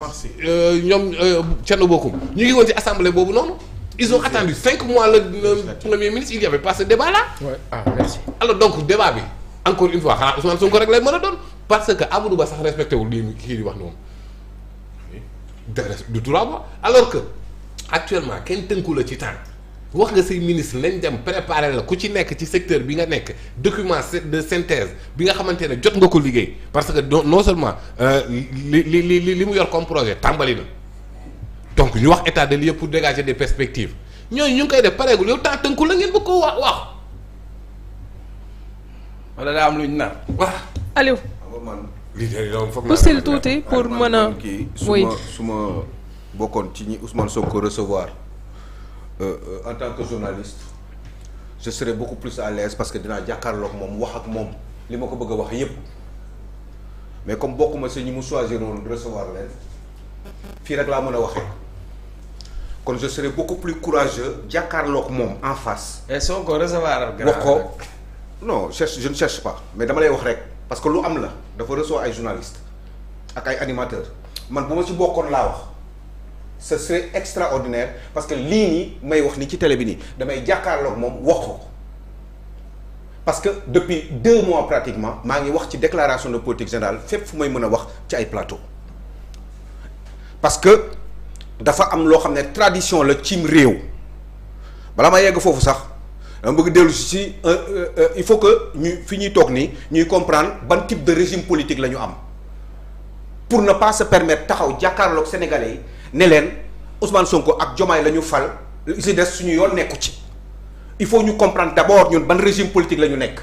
merci euh, ñoom euh, Thierno Bocoum ñu ngi woon ci assemblée boobu noonu. ils ont attendu cinq mois le premier ministre il y avait pas ce débat là. Ah, donc débat bi encore une fois xanaa Ousmane Sonko rek lay mën a doon parce que Amadou Ba sax respecté wul lii kii di wax noonu. du droit ba alors que actuellement kenn tënku la ci temps. wax nga say ministre lañ dem préparer la ku ci nekk ci secteur bi nga nekk document de synthèse bi nga xamante ne jot nga ko liggéey parce que non seulement euh, li li li li mu yor comme projet tàmbali na donc ñu wax état de lieu pour dégager des perspective ñooy ñu ngi koy def pareegul yow temps tënku la ngeen bëgg koo wax wax. wala daa am lu ñu naan wax. Aliou. Ah man lii de tuuti pour mën a. kii su ma su bokkoon ci ñi Ousmane Sonko recevoir. Euh, euh, en tant que journaliste je serais beaucoup plus à l'aise parce que dinaa jàkkaarloog moom wax ak moom li ma ko bëgg a wax yépp mais comme bokkuma si ñi mu choisir woon recevoir leen fii rek laa mën a waxee kon je serais beaucoup plus courageux jàkkaarloog moom en face. et soo ko recevoir. wax ko non cherche je ne cherche pas mais dama lay wax rek parce que lu am la dafa recevoir ay journalistes ak ay animateurs man bu ma ci bokkoon laa wax. ce serait extraordinaire parce que lii nii may wax nii ci télé bi nii damay jàkkaarloog moom wax ko parce que depuis deux mois pratiquement maa ngi wax ci déclaration de politique générale fépp fu may mën a wax ci ay plateau parce que dafa am loo xam ne tradition la cim réew bala ma yegg foofu sax dama bëgg dellu si euh, euh, euh, il faut que ñu fi ñuy toog nii ñuy comprendre ban type de régime politique la ñu am pour na pas se permettre taxaw jàkkaarlook sénégalais yi ne leen Ousmane Sonko ak Diomaye la ñu fal si des suñu yoon nekku ci il faut ñu comprendre d'abord ñun ban régime politique la ñu nekk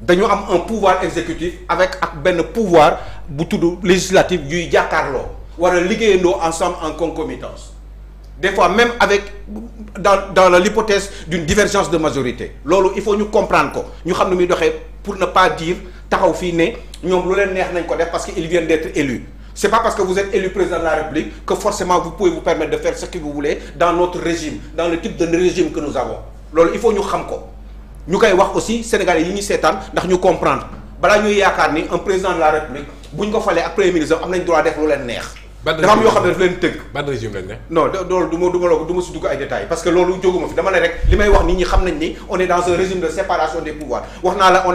dañu am un pouvoir exécutif avec ak benn pouvoir bu tudd législatif yuy jàkkaarloo war a liggéeyandoo ensemble en concomitance des fois même avec dans dans l'hypothèse d'une divergence de majorité loolu il faut ñu comprendre ko ñu xam ne muy doxee pour na pas dire taxaw fii ne ñoom lu leen neex nañ ko def parce que ils viennent d'être c'est pas parce que vous êtes élu président de la République que forcément vous pouvez vous permettre de faire ce que vous voulez dans notre régime dans le type de régime que nous avons loolu il faut ñu xam ko ñu koy wax aussi sénégalais yi ñu seetaan ndax ñu comprendre balaa ñuy yaakaar ni un président de la République bu ñu ko falee ak premier ministre am nañ droit def lu leen neex. dafa am yoo xam ne daf leen tënk. ban régime lañ de loolu du ma ni on est dans un régime de séparation des pouvoirs a un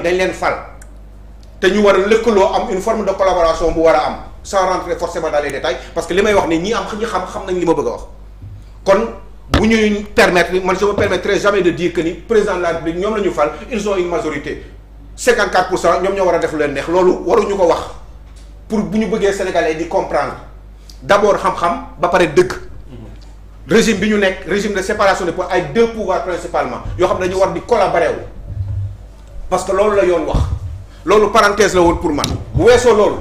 dañ leen fal. te ñu war a lëkkaloo am une forme de collaboration bu war a am sans rentrer forcément dans les détails parce que li may wax ni ñi am ñi xam xam nañ li ma bëgg a wax kon bu ñuy permettre man je me permettrai jamais de dire que ni président de la République ñoom la ñu fal ils ont une majorité 54 pour cent ñoom ñoo war a def lu leen neex loolu waruñu ko wax pour bu ñu bëggee sénégalais di comprendre d'abord xam-xam ba pare dëgg. régime bi ñu nekk régime de séparation ay deux pouvoirs principalement yoo ne dañu war di collaborer wu parce que loolu la yoon wax. loolu parenthèse la woon pour man bu weesoo loolu.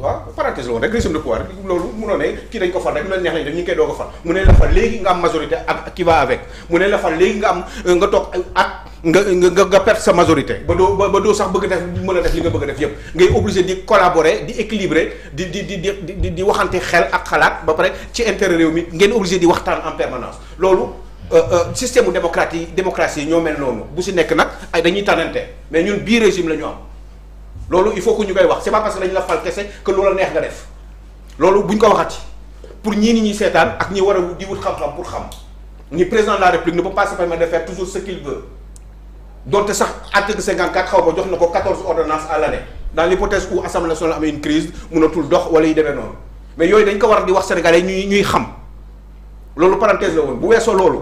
waaw parenthèse la woon rek régime de pouvoir loolu mënoo ne kii dañ ko fal rek lu leen neex lañ def ñu ngi koy doog a fal mu ne la fal léegi nga am majorité ak qui va avec mu nga am nga toog at nga nga nga perte sa majorité ba doo ba doo sax bëgg def mën a def li nga bëgg def yépp ngay obligé di collaborer di équilibrer di di di di di waxante xel ak xalaat ba pare ci intérêt réew mi ngeen obligé di waxtaan en permanence loolu. Euh, euh, système mu démocratie démocratie yi ñoo mel noonu bu si nekk nag ay dañuy tànnante mais ñun bii régime la ñu am loolu il faut que ñu koy wax c'est pas parce que dañu la fal kese que lu neex nga def loolu buñ ko waxati pour ñii ni ñuy seetaan ak ñi war a di wut xam-xam pour xam ni président de la république ne peut pas se permettre de faire toujours ce qu'il donte sax article 54 xaw ma jox na ko 14 ordonnances à l'année dans l'hypothèse où assemblée nationale wala yu demee noonu mais yooyu dañ ko war a di wax sénégalais ñuy ñuy xam loolu parenthèse la woon bu weesoo loolu.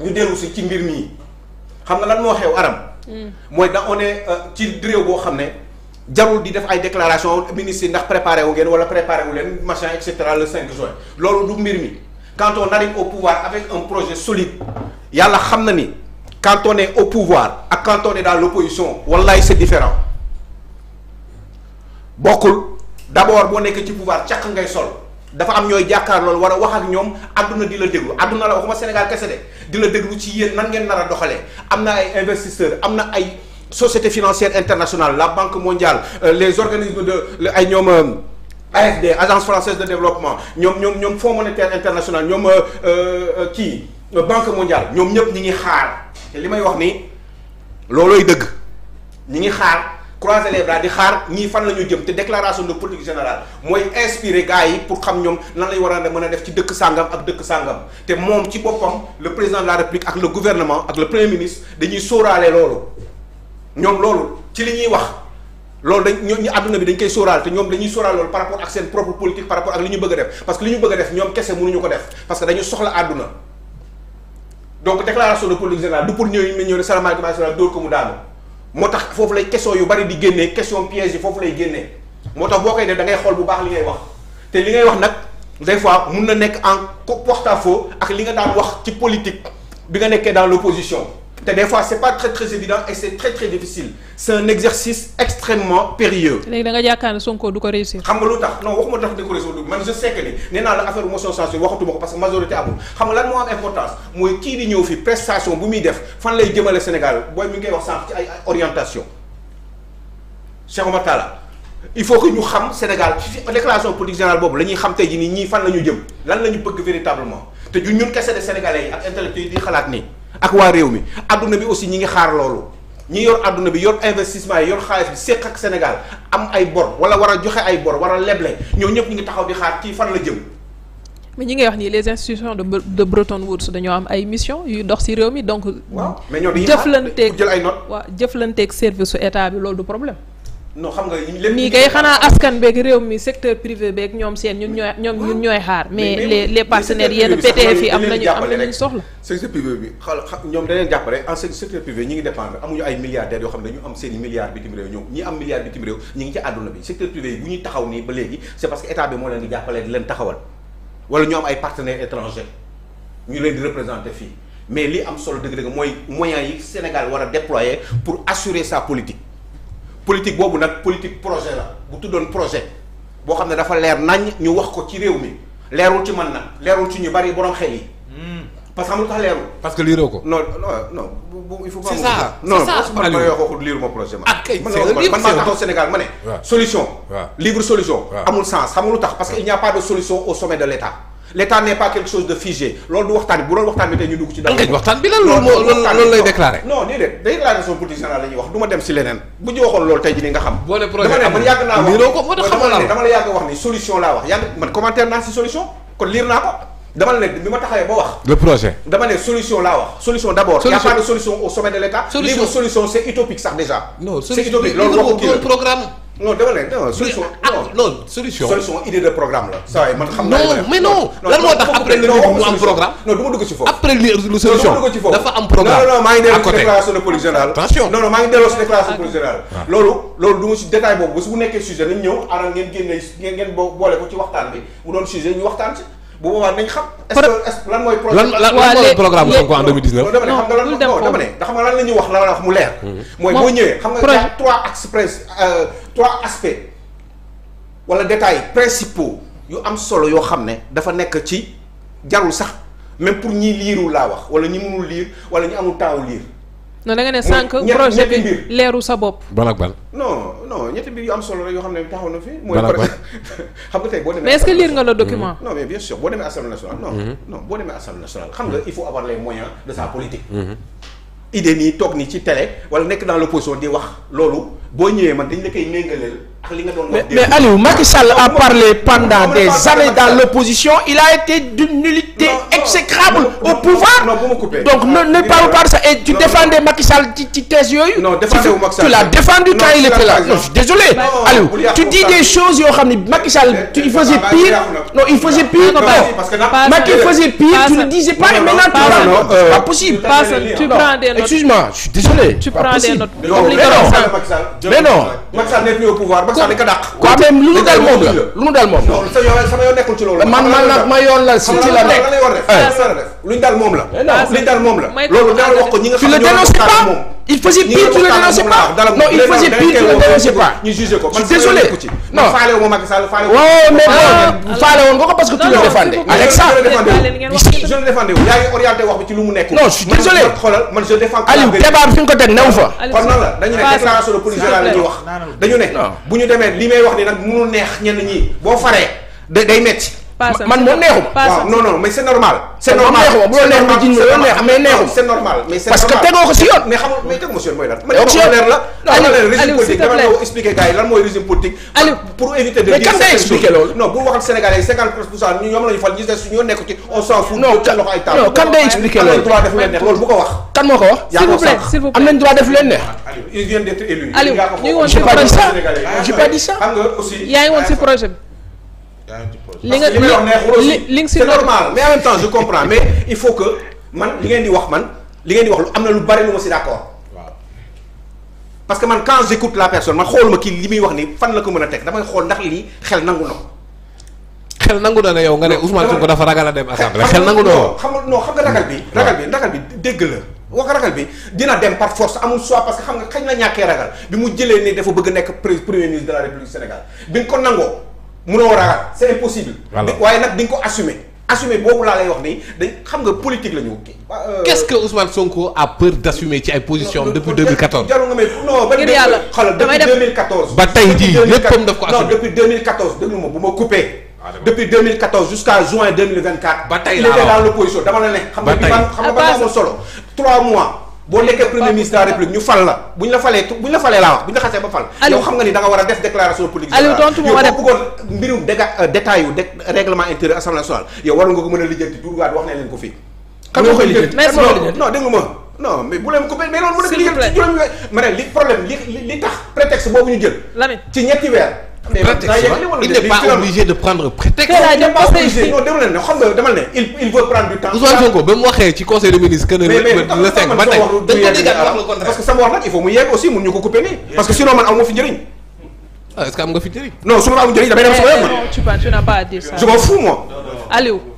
ñu dellu si ci mbir mii xam na lan moo xew aram hmm. mooy da on est euh, ci réew boo xam ne jarul di def ay déclaration ministre yi ndax préparé ngeen wala préparé wu leen machin et cetera le 5 juin loolu du mbir mi quand on arrive au pouvoir avec un projet solide yàlla xam na ni quand on au pouvoir ak quand on est dans l'opposition wallaay c'est différent bokkul d'abord boo nekk ci pouvoir caq ngay sol dafa am ñooy jàkkaar loolu war a wax ak ñoom àdduna di la déglu àdduna la waxuma Sénégal kese de di la déglu ci yéen nan ngeen nar a doxalee am na ay investisseurs am na ay société financière internationale la banque mondiale euh, les organismes de ay ñoom euh, AFD agence française de développement ñoom ñoom ñoom fonds monétaire international ñoom euh, kii banque mondiale ñoom ñëpp ñi ngi xaar te li may wax nii loolooy dëgg ñi ngi xaar croiser les bras di xaar ñii fan la ñu jëm te déclaration de politique générale mooy inspirer gars yi pour xam ñoom lan lay war a mën a def ci dëkk sàngam ak dëkk sàngam te moom ci boppam le président de la république ak le gouvernement ak le premier ministre dañuy sóoraale loolu ñoom loolu ci li ñuy wax loolu dañ ñoom ñu àdduna bi dañ koy sóoraal te ñoom dañuy sóoraal loolu par rapport ak seen propre politique par rapport ak li ñu bëgg a def parce que li ñu moo tax foofu lay keso yu bari di génnee question piège yi foofu lay génnee moo tax boo koy def dangay xool bu baax li ngay wax te li ngay wax nag des fois mun na nekk en porte à ak li nga daan wax ci politique bi nga nekkee dans l'opposition te des fois c'est pas très très évident et c'est très très difficile c'est un exercice extrêmement périlleux. léegi da nga yaakaar ne Sonko du ko réussir. xam nga lu tax non waxuma tax du ko réussir man je sais ni nee naa la affaire motion censure waxatuma ko parce que majorité amul xam nga lan moo am importance mooy kii di ñëw fi prestation bu muy def fan lay jëmale Sénégal booy mi ngay wax sànq ay orientation Cheikh Omar Talla il faut que ñu xam Sénégal ci déclaration politique boobu la ñuy xam tey jii nii ñii fan la ñu jëm lan la ñu bëgg véritablement te ju ñun kese de Sénégalais yi di xalaat nii. ak waa réew mi adduna bi aussi ñi ngi xaar loolu ñi yor adduna bi yor investisement yi yor xaalis bi séq ak Sénégal am ay bor wala war a joxe ay bor war a leble ñoo ñëpp ñu ngi taxaw di xaar kii fan la jëm mais ñi ngay wax nii les institutions de de Bretton Woods dañoo am ay mission yu dox ci réew mi donc. waaw mais ñoo jëflanteeg jël ay notes waaw jëflanteeg service su état bi loolu du problème. no xam nga lépp nii kay xanaa askan beeg réew mi secteur privé beeg ñoom seen ñun ñooy ñoom ñun xaar mais les les partenaires yenn PTF yi am nañu am nañu soxla secteur privé bi xala jàppale en secteur am seen bitim réew ñëw ñi am milliards bitim réew ñi ngi ci àdduna bi secteur privé yi bu ñuy taxaw nii ba léegi c'est parce que état bi moo leen di leen taxawal wala ñu am ay partenaires étrangers ñu leen di représenter fii mais li am solo dëgg-dëgg mooy moyens yi Sénégal war a déployer pour assurer sa politique politique boobu nag politique projet la bu tuddoon projet boo xam ne dafa leer nañ ñu wax ko ci réew mi leerul ci man na leerul ci ñu bari borom xel yi. Hmm. parce que xam nga lu tax leerul. parce que liiroo ko. non non non bu il faut. c'est ça non man ma yoo ah, Sénégal ma ne. solution. libre solution. amul sens xam nga lu tax parce que il n'y a pas de solution au sommet de l'État. l'état n'est pas quelque chose de figé loolu du waxtaan bu doon waxtaan bi tey ñu dugg ci. dara waxtaan bi loolu lay déclaré. non déedéet déclaration politique générale la ñuy wax du dem si leneen bu ñu waxoon loolu tey jii nga xam. dama la yàgg wax ni solution laa wax yàgg man commentaire naa si solution kon lire naa ko dama ne bi ma taxawee ba wax. le projet dama ne solution laa wax. solution d'abord il y solution au sommet de l'État. solution non dama leen solution. Ah, non solution. solution de programme la. saa yi man xam naa non lan moo tax après li mu am dugg ci foofu. après lu solution dafa am programme. non non maa maa ngi delloo si déclaration de politique générale. Ah. Ah. loolu loolu du si détail boobu bés bu nekkee sujet nañ ñëw aral ngeen génne ngeen ngeen boole ko ci waxtaan bi bu doon sujet ñu waxtaan ci. bu boobaa nañ xam. est lan mooy programme lan lan programme Sonko en 2019. dama ne xam nga lan non dama ne xam nga lan la ñuy wax la wax mu leer. Mhm. mooy boo ñëwee xam nga daa euh, trois aspects wala détails principaux yu am solo yoo xam ne dafa nekk ci jarul sax même pour ñi liirul laa wax wala ñi mënul liir wala ñi amul temps liir. non da nga ne sànq projet leeru sa bopp balak bal non non ñetti mbir yu am solo rek yoo xam ne taxaw na fi mooy xam nga tey boo demee mais nga le boo demee assemblée nationale mm-hmm. non boo demee assemblée nationale xam nga il faut avoir les moyens de sa politique mm-hmm. idée nii toog nii ci télé wala nekk dans l'opposition di wax loolu boo ñëwee man dañ la koy méngaleel mais, mais Aliou Macky Sall a parlé pendant des années dans l'opposition il a été d'une nullité exécrable au pouvoir donc ne ne parle pas de ça et tu défendais Macky Sall ci ci thèse yooyu. non tu l'as défendu quand il était là désolé Aliou tu dis des choses yoo xam ne Macky Sall il faisait pire non il faisait pire tu ne disais pas et maintenant euh, pas possible. tu prends des notes excuse-moi je suis désolé. tu prends des mais non Macky Sall dañ ko lu mu dal moom la lu mu dal moom man man nag ma yoon la si la nekk. Eh. luñ dal dal moom la. Eh loolu daal wax ñi nga xam ne ñoo il faisait pire tu le dénonçais pas non il faisait pire tu le dénonçais pas ñu jugé ko désolé non faale woon Macky Sall faale woon mais non faale woon nga ko parce que tu le désolé xoolal man fi nga ko teg new fa kon nan la dañu ne dañu ne bu ñu demee li may wax ni nag mënul neex ñenn ñi boo faree day metti man moom neexum. non non c'est normal. c'est normal bu loolu neex ma jiñ ma loolu parce que tegoo si yoon. mais xam si yoon mooy lan. tegu ko si yoon la. Aliou Aliou s'il te plaît dama leen mooy régime politique. Aliou pour éviter de. mais kan ngay expliquer loolu. non bu waxal la ñu fal ñu des nekk ci on s'en fout. non kan non kan ngay expliquer wax. kan moo ko wax. s'il vous plaît droit def neex. Aliou il vient d'être élu. Aliou ñu ngi woon ci projet bi. j'ai pas li nga li nga si normal mais en même temps je comprends mais il faut que man li ngeen di wax man li ngeen di wax lu am na lu bari lu ma si d'accord. waaw parce que man quand j'écoute la personne man xooluma kii li muy wax ni fan la ko mën a teg damay xool ndax li xel nangu na ko. xel nangu na ne yow nga ne Ousmane Sonko dafa ragal a dem assemblée xel nangu na xam nga xam nga ragal bi. ragal bi ragal bi dégg la. wax ragal bi dina dem par force amul choix parce que xam nga xañ la ñàkkee ragal mu jëlee ne dafa bëgg nekk premier ministre de la République Sénégal ko mënoo ragal c'est impossible. waaye nag di ko assumer assumer boobu laa lay wax nii dañ xam nga politique la ñu. Euh, quest que Ousmane Sonko a peur d'assumer ci ay positions depuis 2014. jarul nga damay def ba tey jii léppam daf ko assumer depuis 2014 déglu ma bu ma coupé. Ah, depuis 2014 juin 2024. ba tey la il dama la ne. xam nga ban xam nga ban ah, solo 3 mois. boo nekkee premier ministre république ñu fal la bu ñu la falee bu ñu la falee laa wax bu ñu la xasee ba fal yow xam nga ni da war a def déclaration politique Aliou euh, war nga ko mën a lijjanti duurwaat wax ne leen ko fii xam nga koy lijjanti non déglu ma non mais bu leen ko mais loolu mën a lijjanti juróomi weer ma ne li problème li li tax prétexte boobu ñu jël ci ñetti weer il n'est pas obligé de prendre prétexte. non ne xam nga dama leen ne il veut prendre du temps. Ousmane Sonko ba mu waxee ci conseil des ministres que ne. mais mais le 5 ba tey parce que sama wax nag il faut mu yegg aussi mun ñu ko couper nii. parce que sinon man aw ma fi njëriñ. ah est-ce que am nga fi njëriñ. non su ma amul njëriñ damay dem sama yoon. tu n'as pas à dire ça. je m'en fous moi. Aliou.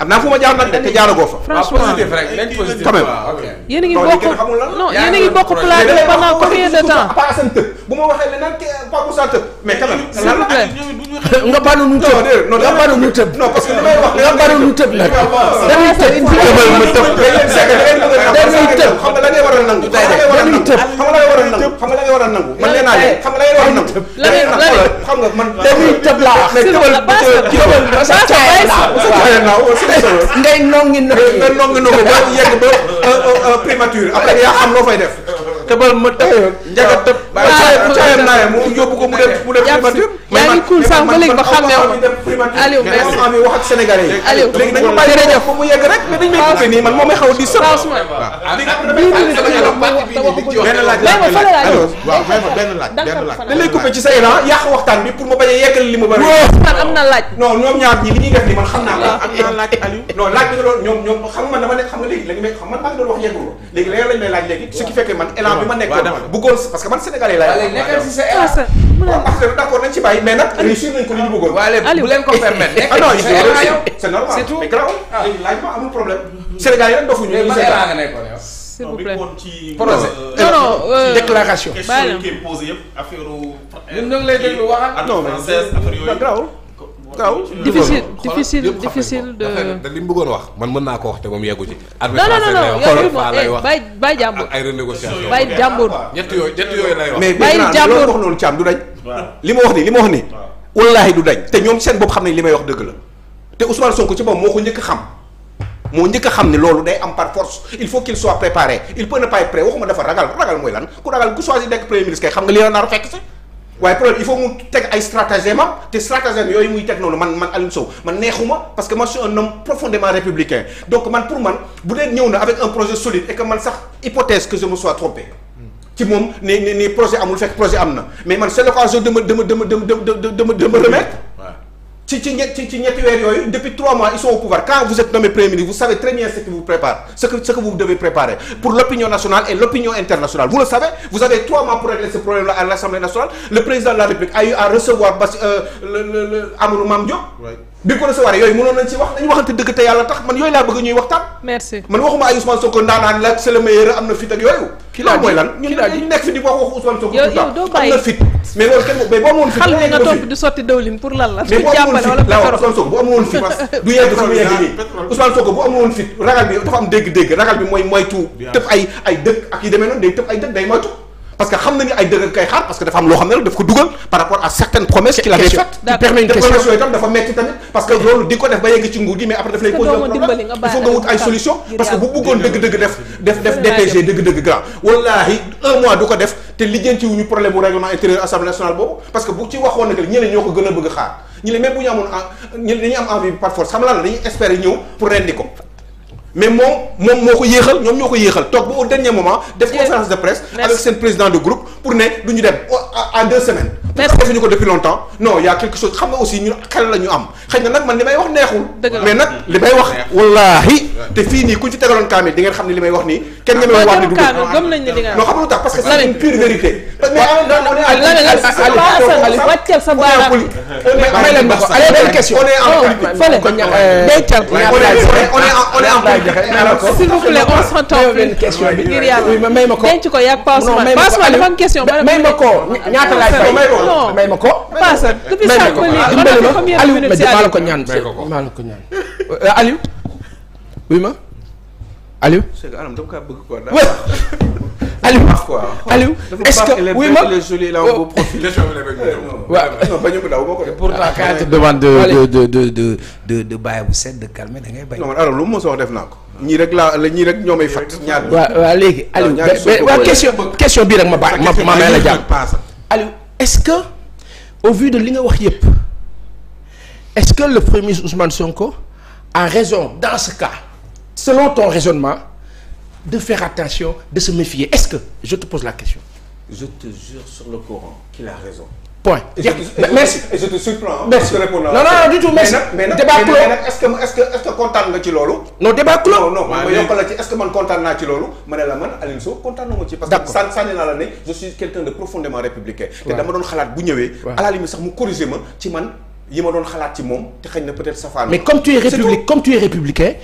am naa fu a ngi bokk non yéen a ngi bokk plateau de temps. nga baal nu tëb nga baal nu tëb nga baal nu tëb nag nga la ngay a nangu dañuy tëb xam nga la ngay a nangu tëb loo fay def tëbal ma tëb njaga tëb caayam naayam mu yóbbu ko mu dem mu dem primature yaa ngi kuul sànq ba léegi ba xàmmee Aliou merci am yi wax ak sénégalais yi Aliou léegi dañu bàyyi jërëjëf mu yegg rek mais dañ may coupé nii man moom may xaw di sëb benn laaj benn laaj dañ lay coupé ci sa élan yàq waxtaan bi pour ma bañ a yeggal li ma bëri am na laaj non ñoom ñaar ñi li ñuy def ni man xam naa la am naa laaj Aliou non laaj bi nga doon ñoom ñoom xam nga man dama nekk xam nga léegi la nga may xam man maa ngi doon wax yeggul léegi la lañ may laaj léegi ce qui fait que man élan bi ma nekkoon bëggoon parce que man sénégalais laa nekkal si sa ah, waaw d'accord nañ ci bàyyi mais nag réussir nañ ko li ñu bëggoon bu leen ko permettre ah non c'est normal c'est tout mais grave ah. laaj ma amul problème sénégalais yi euh, non non euh, déclaration non française affaire kaw difficile difficile de li mu bëggoon wax man mën naa ko wax te moom yeggu ci. non non non yooyu moom bàyyi bàyyi jàmbur ay renégociation bàyyi jàmbur. ñett yooyu ñett wax. bàyyi jàmbur mais loolu wax noonu Thiam du dañ. li ma wax ni li ma wax ni. wallaahi du dañ. te ñoom seen bopp xam nañ li may wax dëgg la te Ousmane Sonko ci moom moo ko njëkk xam moo njëkk a xam ne loolu day am par force il faut qu'il soit préparé il peut ne pas waxuma dafa ragal ragal mooy lan ku ragal ku choisir nekk premier waaye problème il faut mu teg ay stratagème am te stratagème yooyu muy teg noonu man man Aliou Sow man neexuma parce que man je suis un homme profondément républicain donc man pour man bu dee ñëw na avec un projet solide et que man sax hypothèse que je me sois trompé. ci moom ne ni projet amul fekk projet am na mais man c'est l'occasion de me de me de me de me de me de ci ci ñett ci ñetti weer yooyu depuis trois mois ils sont au pouvoir quand vous êtes nommé premier ministre vous savez très bien ce qui vous prépare ce que vous devez préparer pour l'opinion nationale et l'opinion internationale vous le savez vous avez trois mois pour régler ce problème là à l'Assemblée nationale le président de la République a eu à recevoir Bass euh, le le Mame Diop. bi ko recevoir yooyu mënoon nañ ci wax dañu waxante dëgg te yàlla tax man yooyu laa bëgg ñuy waxtaan. merci man waxuma ay Ousmane Sonko ndaanaan la c'est am na fit ak yooyu. ki la mooy lan ñu nekk fi di wax waxu Ousmane Sonko. am na fit fit. xal bi nga topp di sotti dawlin pour lan la. mais boo amoon fit la waaw Ousmane Sonko bu amoon du yegg fi mu yegg nii Ousmane Sonko bu amoon fit ragal bi dafa am dégg-dégg ragal bi mooy moytu tëb ay ay dëkk ak yi demee parce que xam na ni ay dëgg kay xaar parce que dafa am loo xam ne la daf ko dugal par rapport à certaines promesses qu'il avait faites promesses yooyu tam dafa metti parce que loolu di ko def ba yegg ci nguur gi mais après daf lay poser problème def def def DPG dëgg-dëgg grand wallahi un mois du ko def te lijjanti wuñu problème bu règlement intérieur assemblée nationale boobu parce que bu ci waxoon na que ñeneen ñoo ko gën a bëgg xaar ñu ne même bu ñu amoon mais moom moom moo ko yéexal ñoom ñoo ko yéexal toog ba au dernier moment def conférence de presse avec seen président de groupe pour ne du ñu dem en deux semaines parce que defuñu ko depuis longtemps non y a quelque chose xam nga aussi ñun xel la ñu am xëy na nag man li may wax neexul mais nag li may wax wallaahi te fii nii kuñ ci tegaloon kaamil di ngeen xam ne li may wax nii kenn nga may wax ni du ah, non xam nga lu tax parce que c'est une pure vérité wàccal sa baaraam may leen wax allez benn question on est en politique euh, euh, on est en politique s'il vous plaît on s'entend benn question bi ngir yàlla may ma ko denc ko yàgg passe ma dafa am question may ma ko ñaata laaj may ko non may ma ko. paasa depuis sànq lii Aliou maa ko ñaan maa la ko ñaan euh, Aliou. wuy ma Aliou. c'est que Anam dama kaa bëgg quoi. Aliou Aliou est-ce que oui ma euh, pourtant ah, quand tu demandes bu set de calmer da lu mu def naa ko. ñii rek laa la ñii rek ñoo may fàtt. ñaar waaw léegi Aliou. waaw question question bii rek ma bàyyi ma ma may la est-ce que au vu de li nga wax yëpp est-ce que le premier ministre Ousmane Sonko a raison dans ce cas selon ton raisonnement de faire attention de se méfier est-ce que je te pose la question je te jure sur le Coran qu'il a raison point. merci et je te surprends. merci non non non du tout mais nag est ce est ce que est ce que kontaan nga ci loolu. non débat clos. non ma yokk la ci est ce que man kontaan naa ci loolu. ma la man Alioune Sow kontaan na ma ci. parce que sànni naa la ne je suis quelqu'un de profondément républicain. te dama doon xalaat bu ñëwee. à sax mu corriger ma ci man yi ma doon xalaat ci moom te xëy na peut être safaan. mais comme tu es république comme tu es républicain.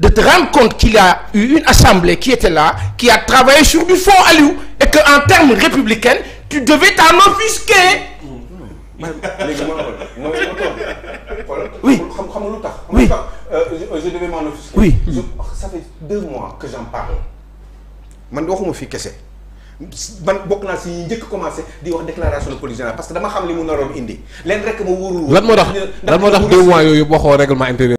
de te rendre compte qu'il y a eu une assemblée qui était là, qui a travaillé sur du fond Aliou, et qu'en termes républicains, tu devais t'en offusquer. léegi moo la oui xam xam lu tax. oui xam euh, euh, je devais m'en offusquer. oui ça fait deux mois que j'en parle. man waxuma fii kese man bokk naa si ñi njëkk commencé di wax déclaration de politique générale parce que dama xam li mu naroon indi leen ma wóorul. lan moo tax lan moo tax deux mois yooyu waxoo règlement intérieur.